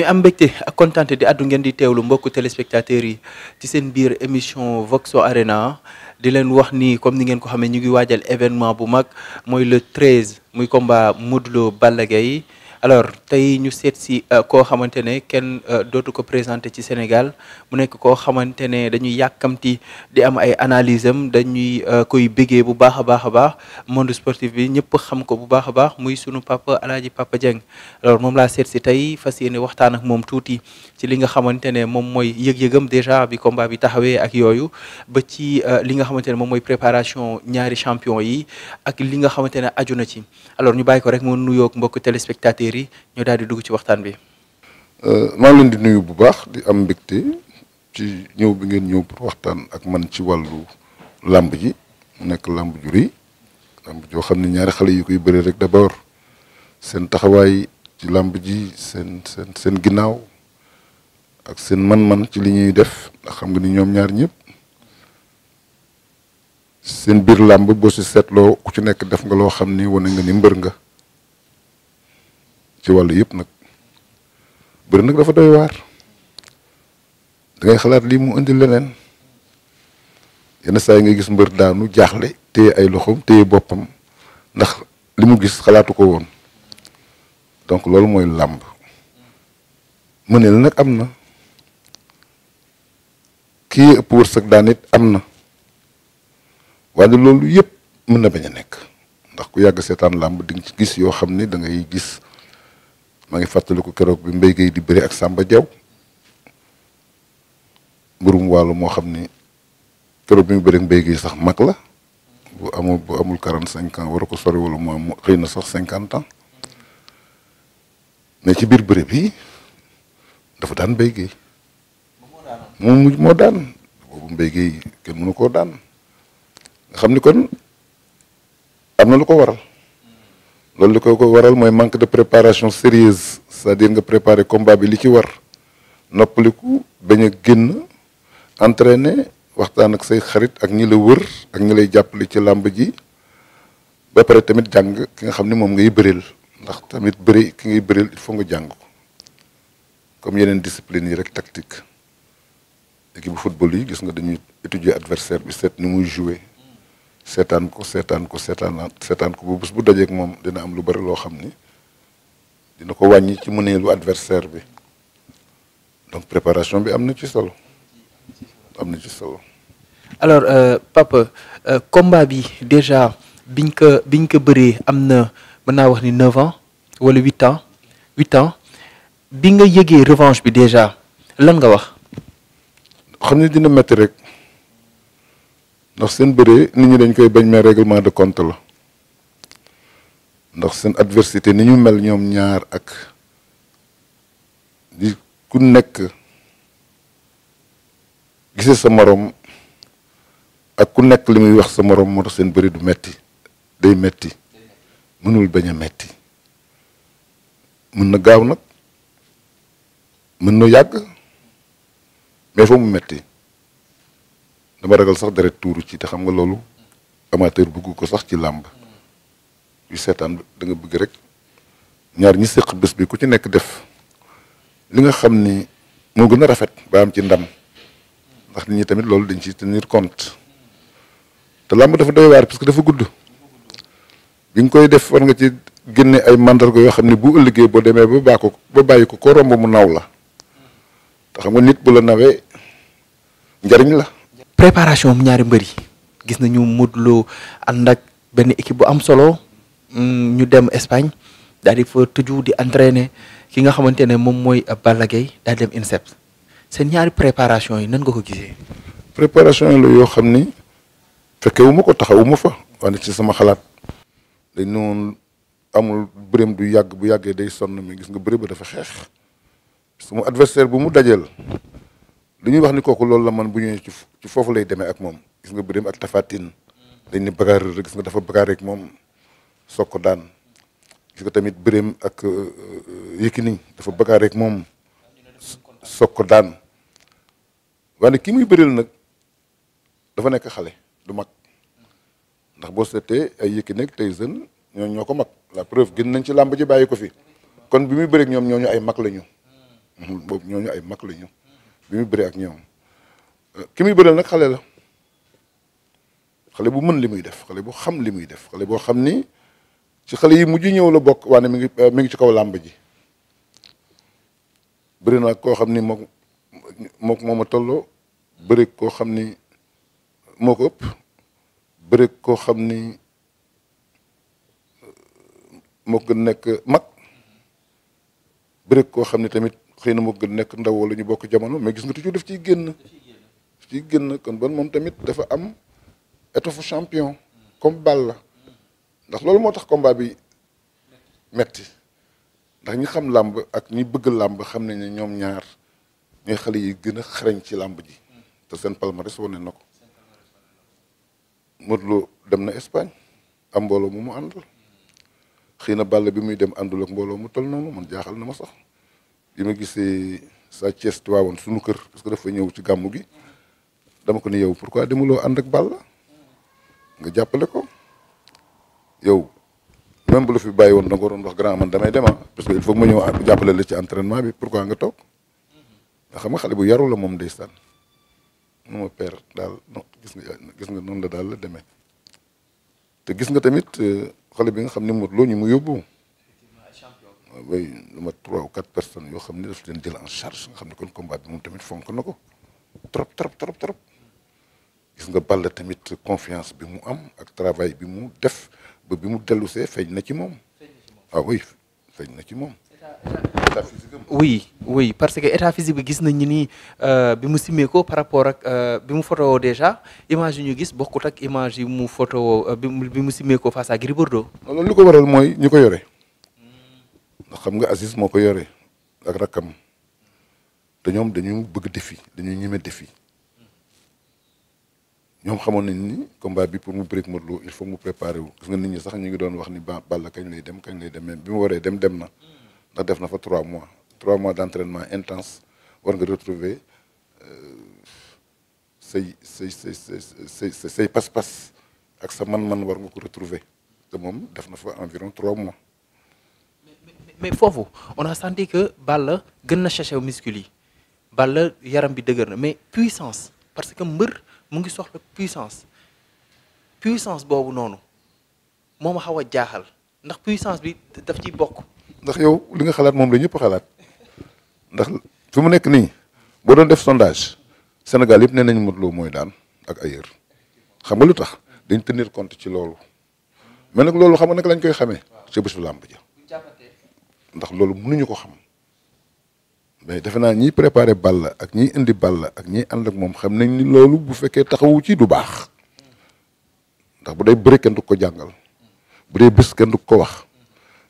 ñuy am mbégte ak kontaante di addu ngeen di teewlu mbokku téléspectateurs yi ci seen biir émission Voxo Arena di leen wax ni comme ni ngeen ko xamee ñu ngi waajal événement bu mag mooy le 13 muy combat Modou Lo Balla Gaye alors tey ñu seet si euh, koo xamante ne kenn euh, dootu ko présenté ci Sénégal mu nekk koo xamante ne dañuy yàkkamti di am ay analyse am dañuy euh, koy bégee bu baax a baax a baax monde sportif bi ñëpp xam ko bu baax a baax muy sunu papa alaaji papa Dieng alors moom la seet si tey fas yéene waxtaan ak moom tuuti ci li nga xamante ne moom mooy yëg-yëgam déjà bi combat bi taxawee ak yooyu ba ci li nga xamante ne moom mooy préparation ñaari champion yi ak li nga xamante ne aju na ci alors ñu bàyyi ko rek mu nuyoog mbokk téléspectateur mairie ñu daal di dugg ci waxtaan bi. Euh, maa ngi leen di nuyu bu baax di am mbégte ci ñëw bi ngeen ñëw pour waxtaan ak man ci wàllu làmb ji nekk làmb ju rëy làmb joo xam ne ñaari xale yi koy bëri rek d'abord seen taxawaay ci làmb ji seen seen seen ginnaaw ak seen man-man ci li ñuy def ndax xam nga ni ñoom ñaar ñépp seen biir làmb boo si seetloo ku ci nekk def nga loo xam ni wane nga ni mbër nga ci wàllu yëpp nag bari nag dafa doy waar dangay xalaat lii mu indi leneen yenn saa yi ngay gis mbër daanu jaaxle téye ay loxoom téye boppam ndax li mu gis xalaatu ko woon donc loolu mooy làmb mëneel nag am na kii ëpp wërsëg daan am na waaye loolu yëpp mën na bañ a nekk ndax ku yàgg seetaan làmb di ci gis yoo xam ni dangay gis. maa ngi fàttaliku keroog bi Mbaye Guèye di bëri ak sàmba Diaw mburum wàllu moo xam ni keroog bi mu bëri ak Mbaye sax mag la boo amul bu amul quarante cinq ans war ko sori wala moo xëy na sax cinquante ans mais ci biir bëri bi dafa daan Mbaye Guèye moom mujj moo daan boobu Mbaye Guèye kenn mënu koo daan xam ni kon am na lu ko waral loolu li ko ko waral mooy manque de préparation sérieuse c'est-à-dire nga préparer combat bi li ci war noppaliku bañ a génn entraîner waxtaan ak say xarit ak ñi la wër ak ñi lay jàppale ci làmb ji ba pare tamit jàng ki nga xam ne moom ngay bëril ndax tamit bëri ki ngay bëril il faut nga jàng ko comme yeneen discipline yi rek tactique équipe bu football yi gis nga dañuy étudier adversaire bi seet ni muy jouer seetaan ko seetaan ko seetaan seetaan ko bu bés bu dajeek moom dina am lu bari loo xam ni dina ko wàññi ci mëneelu adversaire bi donc préparation bi am na ci solo am na ci solo. alors euh, papa euh, bi déjà biñ ko biñ ko bëree am na mën naa wax ni neuf ans wala huit ans huit ans bi nga yëgee revanche bi déjà lan nga wax. xam ne dina métti rek. ndax seen bëree nit ñi dañ koy bañ mais règlement de compte la ndax seen adversité ni ñu mel ñoom ñaar ak di ku nekk gisee sa morom ak ku nekk li muy wax sa morom moo tax seen bëri du metti day metti mënul bañ a metti mën na gaaw nag mën na yàgg mais foo mu metti dama regal sax deret tuuru ci te xam nga loolu amateur bëgg ko sax ci làmb yu seetaan danga nga bëgg rek ñaar ñi séq bés bi ku ci nekk def li nga xam ni moo gën a rafet ba am ci ndam ndax nit ñi tamit loolu dañ ci tenir compte te làmb dafa doy waar parce que dafa gudd bi nga koy def war nga ci génne ay mandarga yoo xam ne bu ëllëgee boo demee ba baa ko ba bàyyi ko koo romb mu naw la te xam nga nit bu la nawee njariñ la préparation am ñaari mbër yi gis nañu Modou Lo ànd ak benn équipe bu am solo mm, ñu dem Espagne daal di fa tëju di entraîner ki nga xamante ne moom mooy Balla Gaye daal di dem INSEP seen ñaari préparation yi nan nga ko gisee. préparation yi la yoo xam ni fekkewu ma ko taxawuma fa wante ci sama xalaat dañ noonu amul bëreem du yàgg bu yàggee day sonn mais gis nga bëre ba dafa xeex suma mu adversaire bu mu dajeel li ñuy wax ni kooku loolu la man bu ñëwee ci foofu lay demee ak moom gis nga bu dem ak tafatin dañ ne bagaar gis nga dafa bagaar moom soog ko daan gis nga tamit bëreem ak euh, euh, Yékini dafa bagaar rek moom soog ko daan waaye ki muy bëreel nag dafa nekk xale du mag ndax boo seetee ay Yékini ak Tyson ñoo ñoo ko mag la preuve nañ ci làmb ji bàyyi ko fi kon bi muy bëreeg ñoom ñooñu ay mag lañu ñu hmm. hmm, ñooñu ay mag la ñu bi muy bëri ak ñoom euh, ki muy bëreel nag xale la xale bu mën li muy def xale bu xam li muy def xale boo xam ni ci xale yi mujj ñëw la bokk waane mi ngi euh, mi ngi ci kaw làmb ji bëri na koo xam ni moom moom a tolloo bëri koo xam ni moo ko ëpp bëri koo xam ni euh, moo ko nekk mag bëri koo xam ni tamit. xëy na moo gën nekk ndaw wala ñu bokk jamono mais gis nga toujours daf ciy génn daf ciy génn kon ban moom tamit dafa am étoffe champion comme Balla ndax loolu moo tax combat bi metti ndax ñi xam làmb ak ñi bëgg làmb xam nañ ne ñoom ñaar ñooy xale yi gën a xarañ ci làmb ji te seen palmarès wane na ko Modou Lo dem na Espagne am mbooloo mu mu àndal xëy na Balla bi muy dem àndul ak mbooloo mu toll noonu man jaaxal na ma sax yi ma gisee sa Thiès Tivaouane suñu kër parce que dafa ñëw ci gàmmu gi dama ko ni yow pourquoi demuloo ànd rek Balla nga jàppale ko yow même bu la fi bàyyi woon da nga waroon wax grand man damay dema ah, parce que il faut ma ñëw jàppale la ci entraînement bi pourquoi nga toog ndax xam nga xale bu yaru la moom ndeysaan nu ma père daal gis gis nga noonu la daal la demee te gis nga tamit euh, xale bi nga xam ne Modou Lo ñu mu yóbbu way lu ma trois ou quatre personnes yoo xam ne daf leen jël en charge nga xam ne kon combat bi moom tamit fonk na ko trop trop trop gis nga Balla tamit confiance bi mu am ak bi mu def bi mu dellusee feeñ na ci moom ah feeñ na ci moom état physique parce que état physique bi gis nañu ni euh, bi mu simmeekoo par rapport ak euh, bi mu photo déjà image yi ñu gis bokkut ak image yi mu photo euh, bi mu simee ko face à Gris Bordeaux loolu li waral mooy ñi ko yore ndax xam nga Aziz moo ko yoree ak rakkam te ñoom dañu bëgg défi dañu ñeme défi ñoom xamoon nañ ni combat bi pour mu bëreek Modou Lo il faut mu préparer wu gis nga nit ñi sax ñu ngi doon wax ni ba Balla kañ lay dem kañ lay dem même bi mu waree dem dem na ndax def na fa trois mois trois mois d'entraînement intense war nga retrouver euh, say say say say say say pas-pas ak sa man-man war nga ko retrouver te moom def na fa environ trois mois mais foofu on a senti que Balla gën na cherché muscule yi Balla yaram bi dëgër na mais puissance parce que mbër mu ngi soxla puissance puissance boobu noonu moo ma xaw a jaaxal ndax puissance bi daf ci bokk. ndax yow li nga xalaat moom la ñëpp xalaat ndax fi mu nekk nii boo doon def sondage Sénégal yëpp nee nañ Modou Lo mooy daan ak ailleurs xam nga lu tax dañ tenir compte ci loolu mais nag loolu xam nga nag lañ koy xamee. ci bésu làmb ja ndax loolu mënuñu ko xam mais defe naa ñiy préparé Balla ak ñi indi Balla ak ñiy ànd ak moom xam nañ ni loolu bu fekkee taxawu ci du baax ndax bu day bëri kenn du ko jàngal bu dee bés kenn du ko wax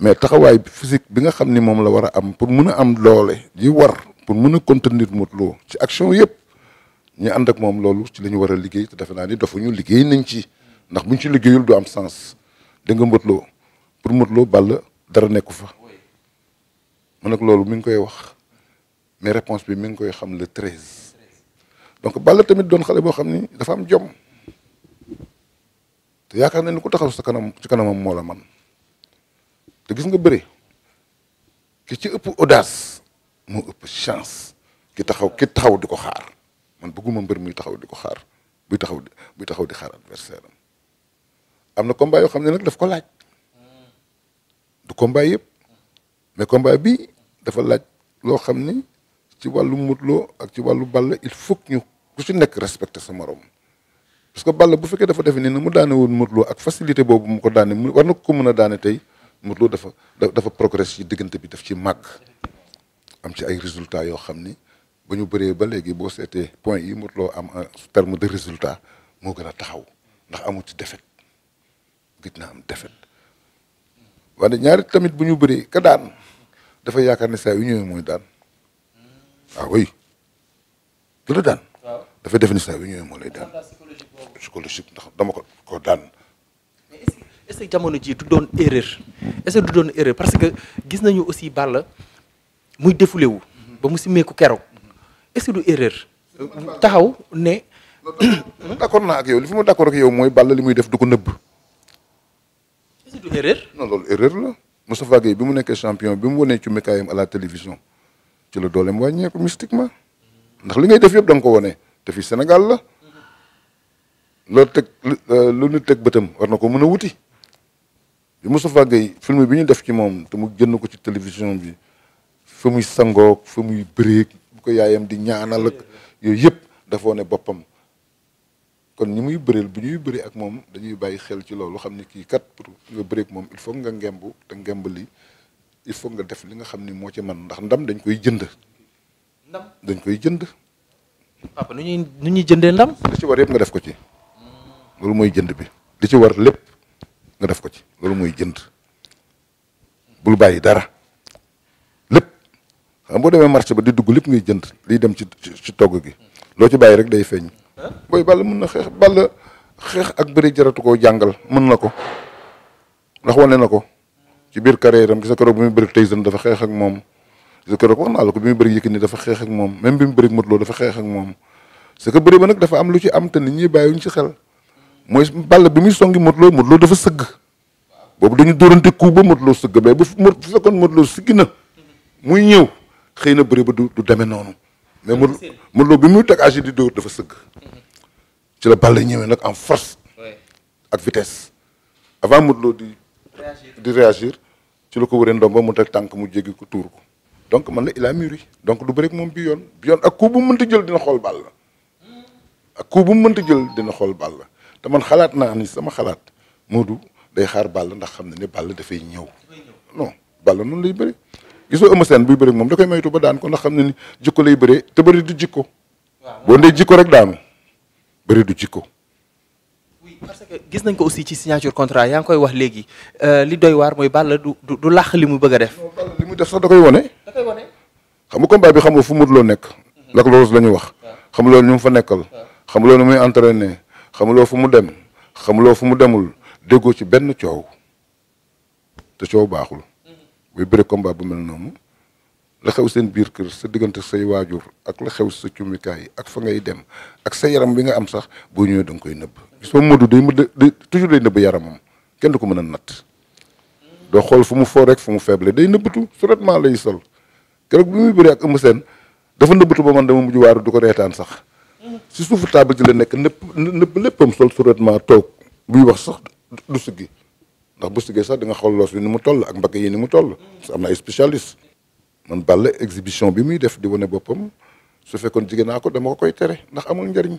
mais taxawaay physique bi nga xam ni moom la war a am pour mun a am loole ji war pour mun a contenir Modou Lo ci action yëpp ñu ànd ak moom loolu ci la ñu war a liggéey te defe naa ni dafa ñu liggéey nañ ci ndax buñ ci liggéeyul du am sens da nga Modou pour Modou Lo dara nekku fa. mu nag loolu mi ngi koy wax mais réponse bi mi ngi koy xam le treize. donc bala tamit doon xale boo xam ni dafa am jom te yaakaar nañ ni ku taxaw sa kanam ci kanamam moo la man te gis nga bëre ki ci ëpp audace moo ëpp chance ki taxaw ki taxaw di ko xaar man bëgguma mbër muy taxaw di ko xaar buy taxaw di buy taxaw di xaar adversaire am na combat yoo xam ne nag daf ko laaj du kombay yëpp. mais combat bi dafa laaj loo xam ni ci wàllu Modou ak ci wàllu Balla il faut ñu ku ci nekk respecté sa morom parce que Balla bu fekkee dafa defe nii na mu daane woon Modou Lo ak facilité boobu mu ko daane mu war na ko mën a daane tey Modou Lo dafa dafa progress ci diggante bi def ci màgg am ci ay résultat yoo xam ni ba ñu bëree ba léegi boo seetee point yi Modou am en terme de résultat moo gën a taxaw ndax amu ci défaite gis na am défaite wante ñaari tamit bu ñu bëree ka daan dafa yaakaar ne saa yu ñëwee mooy daan ah oui du daan. dafa def ni saa yu ñëwee moo lay daan. psychologique ndax dama ko daan. est-ce que jamono ji du doon erreur est-ce du doon erreur parce que gis nañu aussi Balla muy défoulé wu. ba mu simmeeku keroog est-ce du erreur. taxaw ne. d'accord naa ak yow li fi ma d'accord ak yow mooy Balla li muy def du nëb nëbb. du erreur. non loolu erreur la. Moustapha Gueye bi mu nekkee champion bi mu wanee ci mekaayam à la télévision ci la dooleem wàññeeku mystiquement ndax li ngay def yëpp da ko wane te fii Sénégal la loolu teg euh, lu nit teg bëtam war na ko mën a wuti bi Moustapha Gueye film bi ñu def ci moom te mu jënd ko ci télévision bi fa muy sangoog fa muy bëreeg bu ko yaayam di ñaanal ak yooyu yëpp dafa wane boppam kon ñi muy bëreel bu ñuy bëri ak moom dañuy bàyyi xel ci loolu xam ni kii kat pour nga bëreek moom il faut nga ngemb te ngemb li il faut nga def li nga xam ni moo ci man ndax ndam dañ koy jënd. ndam dañ koy jënd. papa nu ñuy nu jëndee ndam. ci war nga def ko ci. loolu mooy jënd bi li ci war lépp nga def ko ci loolu mooy jënd bul bàyyi dara lépp xam boo demee marché ba di dugg lépp ngay jënd lii dem ci ci togg gi loo ci bàyyi rek day feeñ. booy Balla mun na xeex Balla xeex ak bëri jaratu koo jàngal mën na ko ndax wane na ko ci biir carrière am gis nga keroog bi dafa xeex ak moom gis nga keroog ko bi mu bëri Yékini dafa xeex ak moom même bi mu bëri Modou dafa xeex moom c'est que bëri ba nag dafa am lu ci am te nit ñi bàyyiwuñ ci xel mooy bal bi muy songi Modou Lô Modou dafa sëgg boobu dañu dóorante coup ba Modou Lô sëgg ba bu fekkoon Modou Lô siggi na muy ñëw xëy na bëri ba du du demee noonu mais Modou Modou Lo bi muy teg agi di dóor dafa sëgg. Mhm. ci la Balla ñëwee nag en force. ak vitesse. avant Modou di. di réagir ci la ko wëree ndomba mu teg tànk mu jéggi ko tuur ko. donc man la il a donc du bëri moom bi yoon bi yoon ak ku bu jël dina xool Balla hmm. ak ku bu mënta jël dina xool Balla te man xalaat naa ni sama xalaat Modou day xaar Balla ndax xam na ne Balla dafay ñëw lay bëri. gisoo Eumeu Sène buy bëri moom da koy maytu ba daan ko ndax xam ne ni jikko lay bëree te bëri du jikko. boo ndee jikko rek daanu bëri du jikko. oui parce que gis nañ ko aussi ci signature contrat yaa ngi koy wax léegi euh, li doy waar mooy Balla du du du làq li mu bëgg a def. li mu def sax da koy wone. da koy wone. xam bi xam nga fu mu loo nekk. Mhm. lak loolu la ñu wax. xamuloo ñu mu fa nekkal. xamuloo nu muy entraîné loo fu mu dem xamuloo fu mu demul déggoo ci benn coow te coow baaxul. buy bëre combat bu mel noonu la xew seen biir kër sa diggante say waajur ak la xew sa cumikaay ak fa ngay dem ak sa yaram bi nga am sax boo ñëwee da nga koy nëbb soo Modou day day toujours day nëbb yaramam kenn du ko mën a natt doo xool fu mu foo rek fu mu faible day nëbbatu suraitement lay sol keroog bi muy bëri ak Eumeu Sène dafa nëbbatu ba man dama mujj waaru du ko reetaan sax si suufu table ji la nekk nëpp nëpp léppam sol suraitement toog buy wax sax du siggi ndax bu sugee sax da nga xool loos bi ni mu toll ak mbagg yi ni mu toll am na ay man Balla exhibition bi muy def di wane boppam su fekkoon jigéen naa ko dama ko koy tere ndax amul njariñ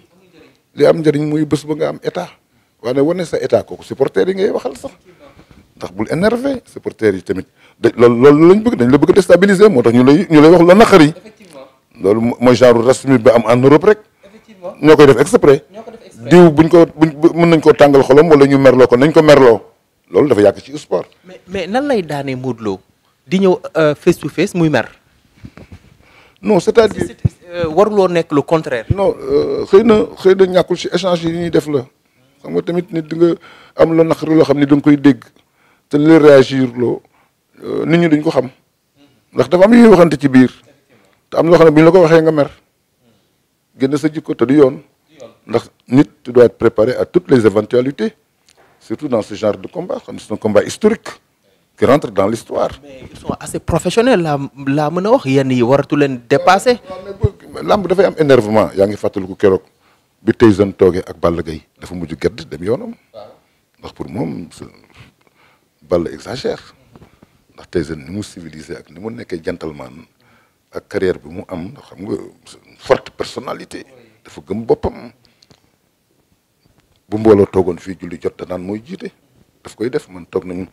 li am njëriñ muy bés ba nga am état waaye wane sa état kooku supporters yi ngay waxal sax ndax bul énervé supporters yi tamit da loolu loolu lañ dañ la bëgg déstabiliser moo tax ñu lay ñu lay wax la naqar yi loolu mooy genre rasmi bi am en Europe rek ñoo koy def exprès diw buñ ko buñ mën nañ ko tàngal xolam wala ñu merloo ko nañ ko merloo loolu dafa yàgg ci sport. mais mais nan lay daanee Modou loo di ñëw euh, face to face muy mer. non c'est-à-dire euh, waruloo nekk le contraire. non euh, xëy na xëy ñàkkul ci échange yi ñuy def la xam nga tamit nit di nga am la naqari loo xam ni da koy dégg te li réagir loo nit ñu duñ ko xam ndax dafa am yuy waxante ci biir te am na loo xam ne bu ñu la ko waxee nga mer génn sa jikko te du yoon ndax nit tu dois préparer préparé à toutes les éventualités. surtout dans ce genre de combat xam c'est un combat historique qui rentre dans l'histoire mais ils sont assez professionnels laa laa mën a wax yenn yi waratu leen dépasser lamb dafay am énervement yaa ngi fàttaliku keroog bi Tyson toogee ak Balla Gaye dafa mujj gedd dem yoonam ndax pour moom Balla exagère ndax Tyson ni mu civilisé ak ni mu nekkee gentleman ak carrière bi mu am xam nga forte personnalité dafa gëm boppam bu mbooloo toogoon fii julli jot da naan mooy jiite daf koy def man toog nañu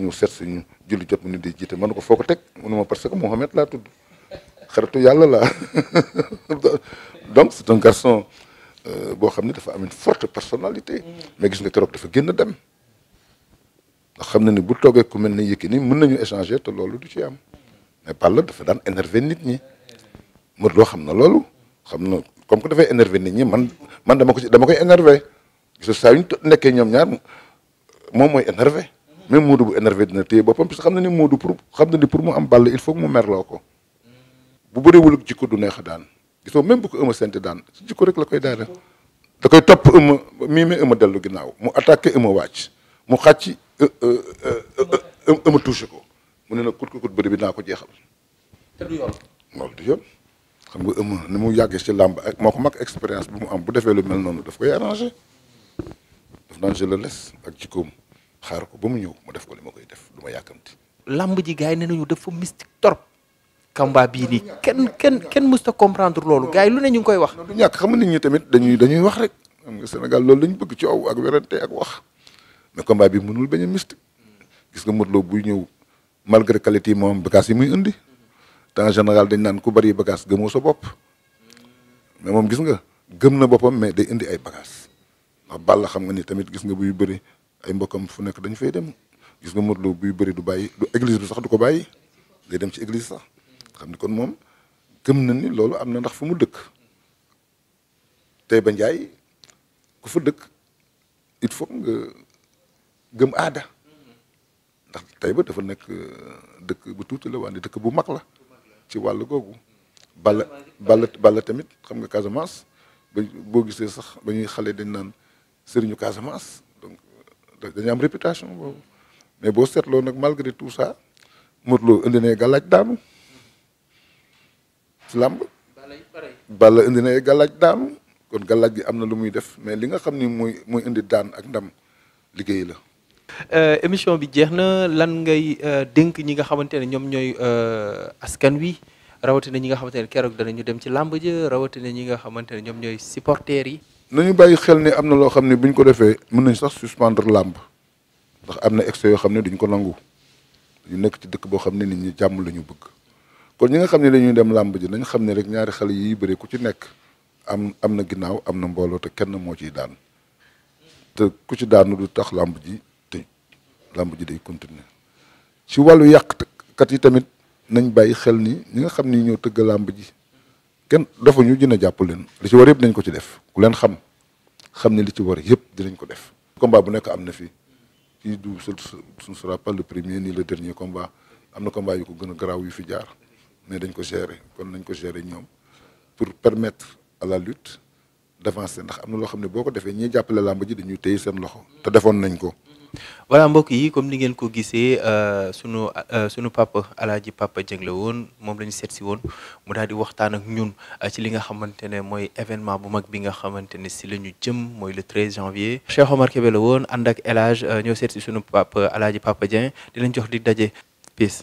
ñu seet suñu julli jot mu ni di jiite man ko foo ko teg munu ma parce que Mohamed laa tudd xaritu yàlla laa donc c'est un garçon euh, boo xam ne dafa am une forte personnalité. mais gis nga keroog dafa génn dem. ndax xam na ni bu toogee ku mel ni Yékini mën nañu échanger te loolu du ci am mais Balla dafa daan énervé nit ñi Modou Lo xam na loolu xam na comme que dafay énervé nit ñi man man dama ko ci dama koy énervé. gis saa yu ñu nekkee ñoom ñaar moom mooy énervé même Modou bu énervé dina téye boppam parce xam na ni Modou pour xam na ni pour mu am ball il faut mu merloo ko bu bëriwul jikko du neex daan gisoo même bu ko ëma senti daan si jikko rek la koy daane da koy topp ëma mii ma ëma dellu ginnaaw mu attaqué ëma wàcc mu xàcc ëma touché ko mu ne nag kut ko kut bi naa ko jeexal loolu du yoon xam nga ëma ni mu yàggee ci làmb ak moo ko mag expérience bu mu am bu defee lu mel noonu daf koy arrangé def naa les le laisse ak jikkoom xaar ko ba mu ñëw mu def ko li ma koy def du ma yàkkamti. lamb ji gars yi nee nañu dafa mystique trop. combat bii nii kenn kenn kenn mës ta comprendre loolu gars yi lu ne ñu ngi koy wax. du ñàkk xam nga nit ñi tamit dañuy dañuy wax rek xam nga Sénégal loolu lañ bëgg ci aw ak werante ak wax mais combat bi mënul bañ a mystique. gis nga Modou Lo buy ñëw malgré qualité yi moom bagages yi muy indi temps général dañ naan ku bari bagage gëmoo sa bopp mais moom gis nga gëm na boppam mais day indi ay bagages. ndax Balla xam nga ni tamit gis nga buy bëri ay mbokkam fu nekk dañu fay dem gis nga Modou Lo buy bëri du bàyyi du église bi sax du ko bàyyi lay dem ci église sax xam ni kon moom gëm na ni loolu am na ndax fu mu dëkk tey ba njaay ku fa dëkk il faut nga gëm aada ndax tey ba dafa nekk euh, dëkk bu tuuti la wante dëkk bu mag la ci wàll googu Balla Balla tamit xam nga Casamance ba boo gisee sax ba ñuy xale dañ naan sëriñu Casamance donc euh, dañu am réputation boobu mais boo seetloo nag malgré tout ça Modou Lo indi na gàllaaj daanu indi na gàllaaj kon gàllaaj gi am na lu muy def mais li nga xam ni muy muy indi daan ak ndam liggéey la euh, émission bi jeex na lan ngay euh, dénk ñi nga xamante ne ñoom ñooy askan wi rawatina ñi nga xamante ne keroog ñu dem ci làmb ja rawatina ñi nga xamante ne ñoom ñooy supporters yi nañu bàyyi xel ne am na loo xam ne bu ñu ko defee mun nañ sax suspendre làmb ndax am na excès yoo xam ne duñ ko nangu ñu nekk ci dëkk boo xam ne ni ñi jàmm la ñu bëgg kon ñi nga xam ne dañuy dem làmb ji nañ xam ne rek ñaari xale yi bëre ku ci nekk am am na ginnaaw am na mbooloo te kenn moo ciy daan te ku ci daanu du tax làmb ji tëj làmb ji day continuer ci wàllu yàqkat yi tamit nañ bàyyi xel ni ñi nga xam ni ñoo tëgg làmb ji kenn dafa ñu dina jàpp leen li ci war yëpp dañ ko ci def ku leen xam xam ne li ci war yëpp dinañ ko def. combat bu nekk am na fi kii du su su sera pas le premier nii le dernier combat am na combat yu ko gën a garaaw yu fi jaar mais dañ ko gérer kon nañ ko gérer ñoom pour permettre à la lutte d'avancer ndax am na loo xam ne boo ko defee ñiy jàppale làmb ji dañuy tey seen loxo te defoon nañ ko. voilà mbokk yi comme ni ngeen ko gisee euh, sunu euh, sunu papa alaaji papa Dieng la moom la ñu seet si woon mu daal di waxtaan ak ñun euh, ci li nga xamante ne mooy événement bu mag bi nga xamante ne si la ñu jëm mooy le 13 janvier Cheikh Omar Kébé la woon ànd ak El ñoo seet sunu papa alaaji papa Dieng di jox di daje peace